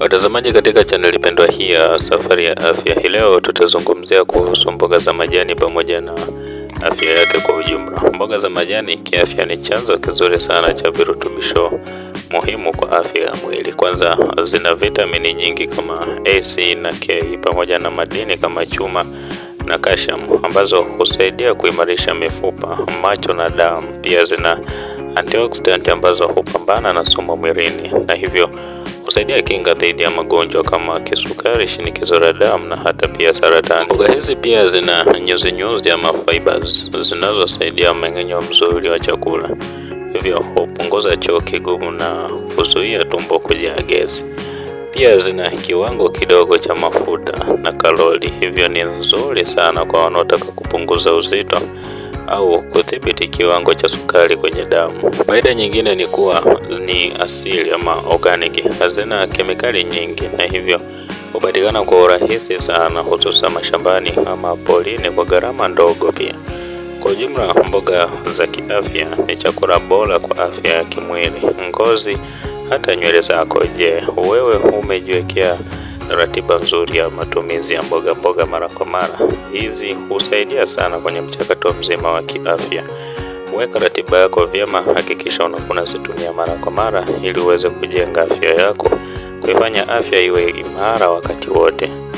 Watazamaji katika chaneli pendwa hii ya Safari ya Afya, hii leo tutazungumzia kuhusu mboga za majani pamoja na afya yake kwa ujumla. Mboga za majani kiafya ni chanzo kizuri sana cha virutubisho muhimu kwa afya ya mwili. Kwanza, zina vitamini nyingi kama A, C na K pamoja na madini kama chuma na kashamu ambazo husaidia kuimarisha mifupa, macho na damu. Pia zina antioxidant ambazo hupambana na sumu mwilini na hivyo husaidia kinga dhidi ya magonjwa kama kisukari, shinikizo la damu na hata pia saratani. Mboga hizi pia zina nyuzi nyuzi ama fibers zinazosaidia mmeng'enyo mzuri wa chakula, hivyo hupunguza choo kigumu na kuzuia tumbo kujaa gesi. Pia zina kiwango kidogo cha mafuta na kalori, hivyo ni nzuri sana kwa wanaotaka kupunguza uzito au kudhibiti kiwango cha sukari kwenye damu. Faida nyingine ni kuwa ni asili ama organic, hazina kemikali nyingi na hivyo hupatikana kwa urahisi sana, hususa mashambani ama polini kwa gharama ndogo. Pia kwa ujumla, mboga za kiafya ni chakula bora kwa afya ya kimwili, ngozi, hata nywele zako. Je, wewe umejiwekea ratiba nzuri ya matumizi ya mboga mboga mara kwa mara. Hizi husaidia sana kwenye mchakato mzima wa kiafya. Weka ratiba yako vyema, hakikisha unazitumia mara kwa mara ili uweze kujenga afya yako, kuifanya afya iwe imara wakati wote.